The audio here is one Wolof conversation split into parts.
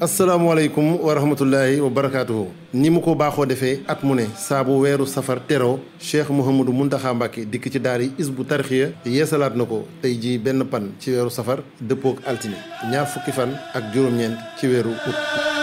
asalaamaaleykum wa rahmatullahi wa barakaatuhu ni mu ko baaxoo defee at mu ne saabu weeru safar teroo cheikh mouhamadou muntaxa mbàkke dikk ci daar yi bu isbu tarxiya yeesalaat na ko tey jii benn pan ci weeru safar dëppook altine ñaar fukki fan ak juróom-ñeent ci weeru ut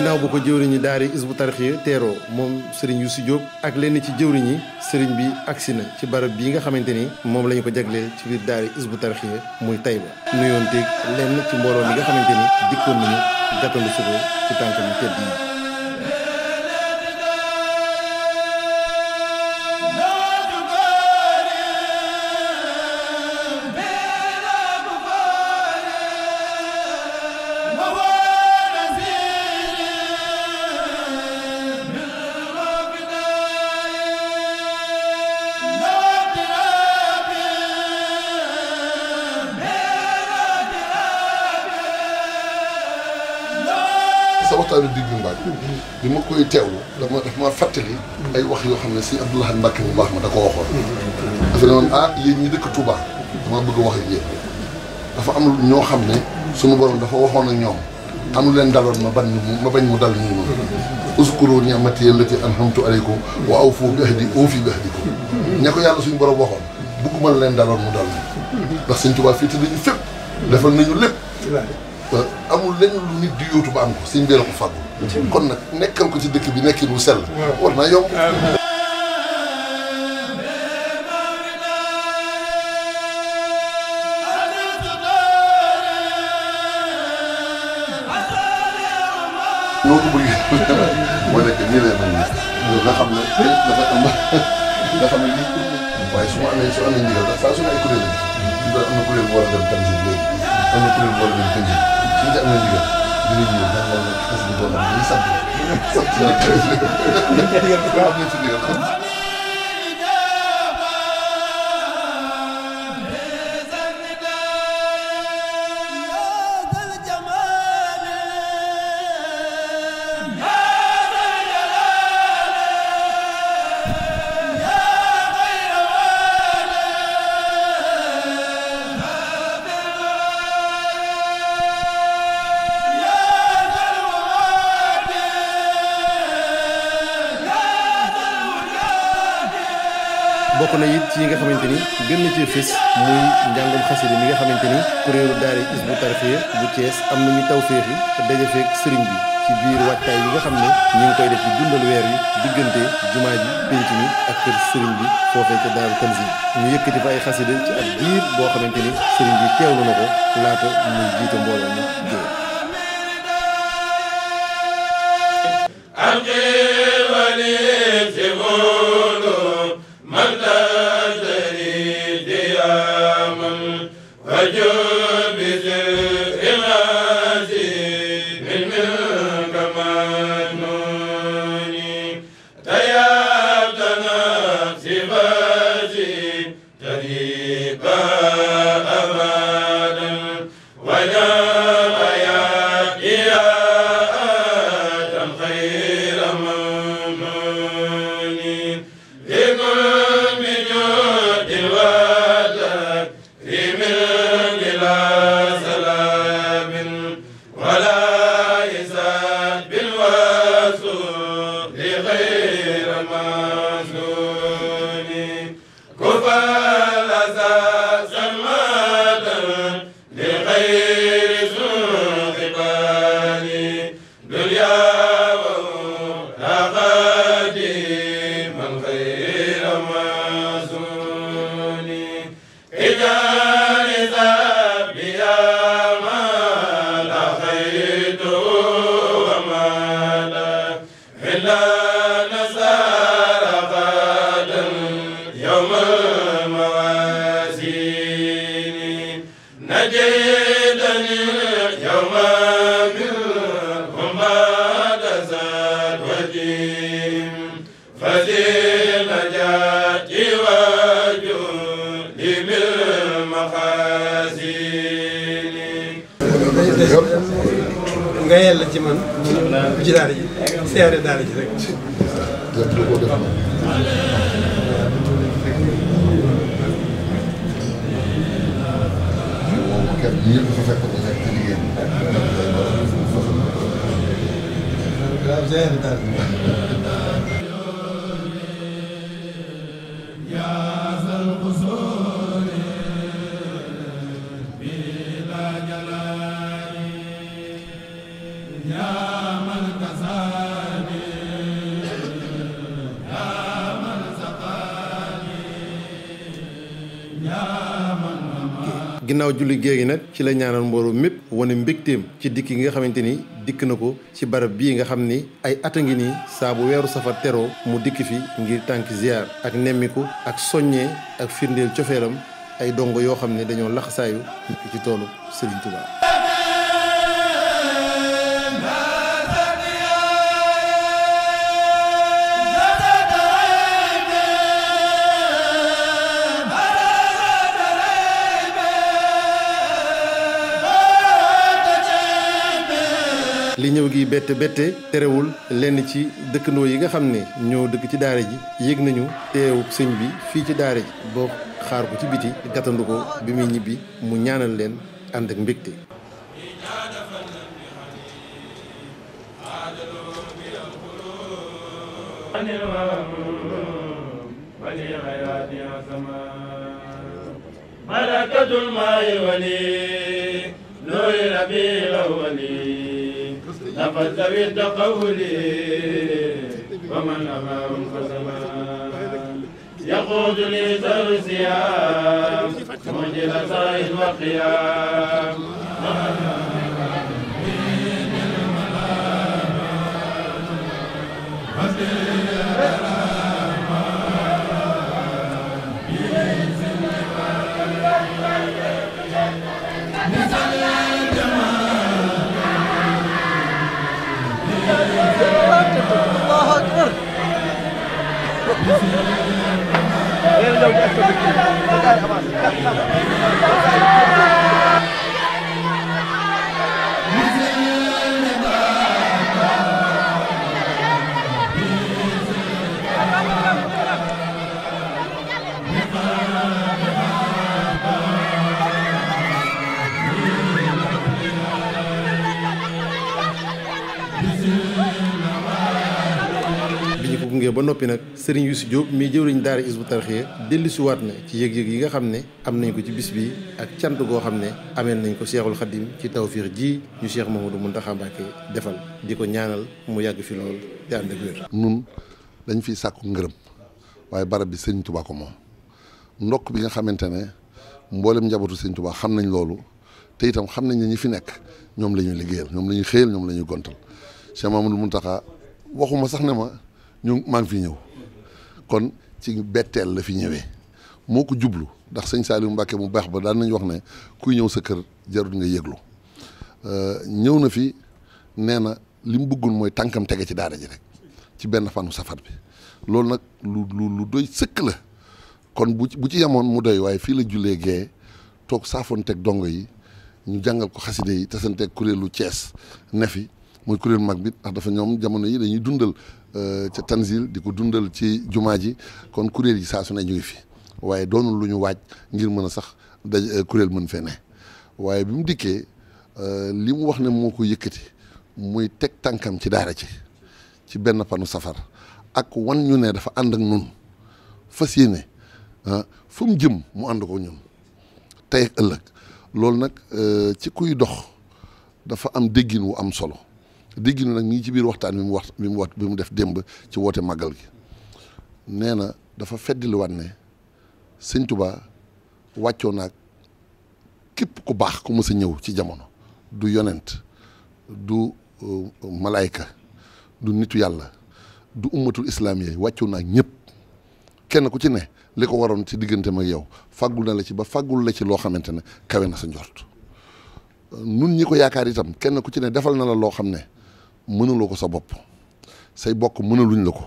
ginnaaw bu ko daari daara Hizbut Tarqiyyah teeroo moom sëriñ Youssou Diop ak lenn ci jëwriñ yi sëriñ bi agsi na ci barab bii nga xamante ni moom la ñu ko jaglee ci biir daara Hizbut Tarqiyyah muy Taïba nuyoon teeg lenn ci mbooloo mi nga xamante ni dikkoon nañu gàttandu suko ci tànk mu tedd sa waxtaanu diggu Mbacke bi ma koy teewu dama daf ma fàttali ay wax yoo xam ne si Abdou Lahad Mbacke bu baax ma da ko waxoon dafa woon ah yéen ñi dëkk Touba dama bëgg a wax ak dafa am ñoo xam ne sunu borom dafa waxoon ak ñoom am leen daloon ma ban ma bañ mu dal ñu ma uskuru ni'mati allati an'amtu alaykum wa awfu bi ahdi ufi bi ahdikum ña ko yàlla suñu borom waxoon bëgguma leen daloon mu dal ndax Sëñ Touba fii te dañu fépp defal nañu lépp Euh, amul lenn lu nit di yóotu ba am ko sëñ bi la ko fàggul kon nag nekkal ko ci dëkk bi nekkin wu sell war naa yomb noo ko bëggee moo nekk nii lay mel nii nga xam ne dafa am nga xam ne lii waaye su ma amee su amee ndigal dafa saa su ne ay kuréel yi am na kuréel bu war a dem tamit léegi am na kuréel boole bi ñu suñu ci amee ndigal dinañ ñëw dañ la xas di boole dañuy sant. sant yàlla xam ne ci ndigal bokk na it ci yi nga xamante ni gën na ci fis muy njàngum xasida mi nga xamante ni kuréelu daara Hizbut Tarqiyyah bu Thiès am na nañu tawféex yi te daje feek sëriñ bi ci biir waajtaay yi nga xam ne ñu ngi koy def di dundal weer yi diggante jumaa ji pénc mi ak kër sëriñ bi foofee ca daaru Tanzil ñu yëkkati fa ay xasida ci ab diir boo xamante ni sëriñ bi teewlu na ko laata muy jiite mbooloo mi jëw nga yàlla ci man ji daara ji siyaare daara ji rek kër gi yëpp dafa fekk ñu nekk ci liggéey bi. yaa ginnaaw julli géegi nag ci la ñaanal mbooloo mépp wane mbégteem ci dikk gi nga xamante ni dikk na ko ci barab bii nga xam ni ay at a ngi nii saa weeru safar teroo mu dikk fi ngir tànk ziar ak nemmiku ak soññee ak firndeel cofeelam ay dongo yoo xam ne dañoo laxasaayu ci toolu Serigne Touba. li ñëw gi bette bette terewul lenn ci dëkkandoo yi nga xam ne ñoo dëkk ci daara ji yéeg nañu teewu sëñ bi fii ci daara ji boo xaar ko ci biti gàttandu ko bi muy ñibbi mu ñaanal leen ànd ak mbégte ملكة الماء ولي نور ربي الأولي لقد ذويت قولي ومن أمام خزمان يقود لي الصيام مجل صائد وقيام Yeah. Thank you. nuyoo ba noppi nag Serigne Youssou Diop mii jëwriñ daara Hizbut Tarqiyyah dellusiwaat na ci yëg-yëg yi nga xam ne am nañ ko ci bis bi ak cant goo xam ne ameel nañ ko Cheikhul Khadim ci tawfiix ji ñu Cheikh Mouhamadou Mountakha Mbacké defal di ñaanal mu yàgg fi lool te ànd dañ fiy sàkku ngërëm waaye barab bi Serigne Touba ko moom bi nga xamante ne mboolem njabootu Serigne Touba xam nañ loolu te xam nañ ne ñi fi nekk ñoom la ñuy ñoom la ñuy xëyal ñoom la ñuy gontal Cheikh Mouhamadou Mountakha waxuma sax ne ma. ñu maa fi ñëw kon ci betteel la fi ñëwee moo ko jublu ndax sëñ Saliou Mbacke mu baax ba daan nañu wax ne kuy ñëw sa kër jarul nga yëglu euh, ñëw na fi nee na li mu bëggul mooy tànkam tege ci daara ji rek ci benn fanu safar bi loolu nag lu lu doy sëkk la kon bu ci bu ci yemoon mu doy waaye fii la jullee gee toog teg dongo yi ñu jàngal ko xaside yi tasanteeg kuréelu Cees ne fi mooy kuréelu mag bi ndax dafa ñoom jamono yi dañuy dundal Euh, ca Tanzil di ko dundal ci jumaa ji kon kuréel yi saa su ne ñu ngi fi waaye doonu lu ñu waaj ngir mën a sax daj euh, kuréel mën fee ne waaye bi mu dikkee euh, li mu wax ne moo ko yëkkati muy teg tànkam ci daara ci ci benn panu safar ak wan ñu ne dafa ànd ak nun fas yéene ah, fu mu jëm mu ànd ko ñun tey ak ëllëg loolu nag ci kuy dox dafa am déggin wu am solo dégg na nag ñii ci biir waxtaan bi mu wax bi mu wax bi mu def démb ci woote màggal gi nee na dafa feddliwaat ne sëñ Tuubaa wàccoo naag képp ku baax ku mës a ñëw ci jamono du yonent du euh, malaayka du nitu yàlla du ummatul islaamiya wàccoo naag ñëpp kenn ku ci ne li ko waroon ci diggante ma yow fàggul na la ci ba fàggul la ci loo xamante ne kawe na sa njort nun ñi ko yaakaar itam kenn ku ci ne defal na la loo xam ne mënuloo ko sa bopp say bokk mënaluñ la ko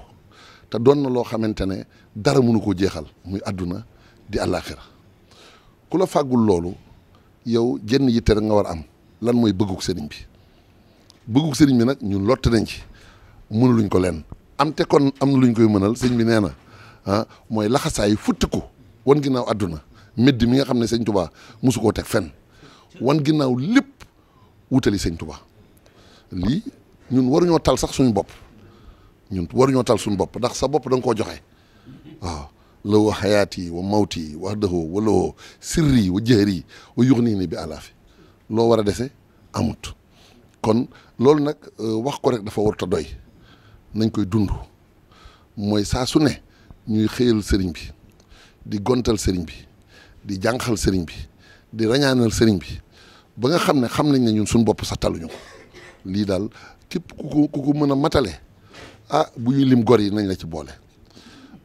te doon na loo xamante ne dara mënu ko jeexal muy àdduna di àllaaxira ku la fàggul loolu yow jenn yitte rek nga war am lan mooy bëgguk sëriñ bi bëgguk sëriñ bi nag ñun lott nañ ci mënuluñ ko leen am te kon am na luñ koy mënal sëñ bi nee na ah mooy laxasaayu futtiku wan ginnaaw àdduna meddi mi nga xam ne sëñ tubaa mosu koo teg fenn wan ginnaaw lépp wutali sëñ tubaa lii ñun waruñoo tal sax suñu bopp ñun waruñoo tal suñu bopp ndax sa bopp danga nga koo joxe waaw law wa xayaati wa mawti wa dëxoo wa lowoo sirri wa jëhri wa yux nii ni bi alaafi loo war a dese amut kon loolu nag euh, wax ko rek dafa warut doy nañ koy dund mooy saa su ne ñuy xëyal sëriñ bi di gontal sëriñ bi di jànqal sëriñ bi di rañaanal sëriñ bi ba nga xam ne xam nañ ne ñun suñu bopp sax taluñu ko lii daal képp ku ko ku mën a matale ah bu ñuy lim gor yi nañ la ci boole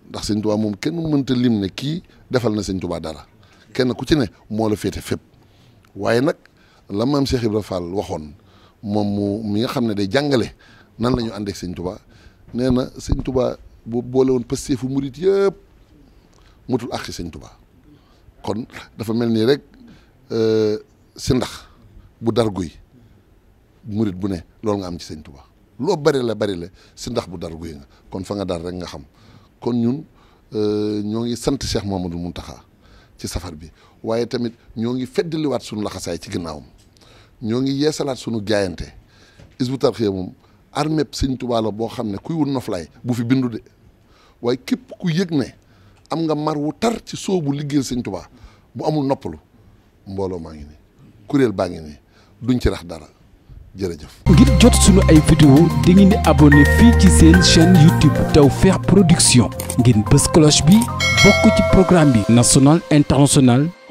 ndax sëñ Tuubaa moom kenn mënta lim ne kii defal na sëñ Tuubaa dara kenn ku ci ne moo la féete fépp waaye nag la maam Cheikh Ibra Fall waxoon moom mu mi nga xam ne day jàngale nan la ñu àndeek sëñ Tuubaa nee na sëñ Tuubaa bu boole woon Pastef fu murit yëpp mutul àqi sëñ Tuubaa kon dafa mel nii rek euh, si ndax bu dar guy murit bu ne loolu nga am ci sëñ Tuubaa loo bari la bari la si ndax bu dar guy nga kon fa nga dar rek nga xam kon ñun euh, ñoo ngi sant moom du Mouhamadou taxa ci safar bi waaye tamit ñoo ngi feddaliwaat suñu laxasaay ci ginnaawam ñoo ngi yeesalaat suñu jaayante Hizbut Tarqiyyah moom armée sëñ Tuubaa la boo xam ne kuy wut noflaay bu fi bindu de waaye képp ku yëg ne am nga mar wu tar ci soobu liggéey sëñ Tuubaa bu amul noppalu mbooloo maa ngi nii kuréel baa ngi duñ ci rax dara jërëjëf. ngir jot sunu ay vidéo di ngeen di abonné fii ci seen chaîne YouTube feex Production ngeen bës cloche bi bokk ci programme bi national international.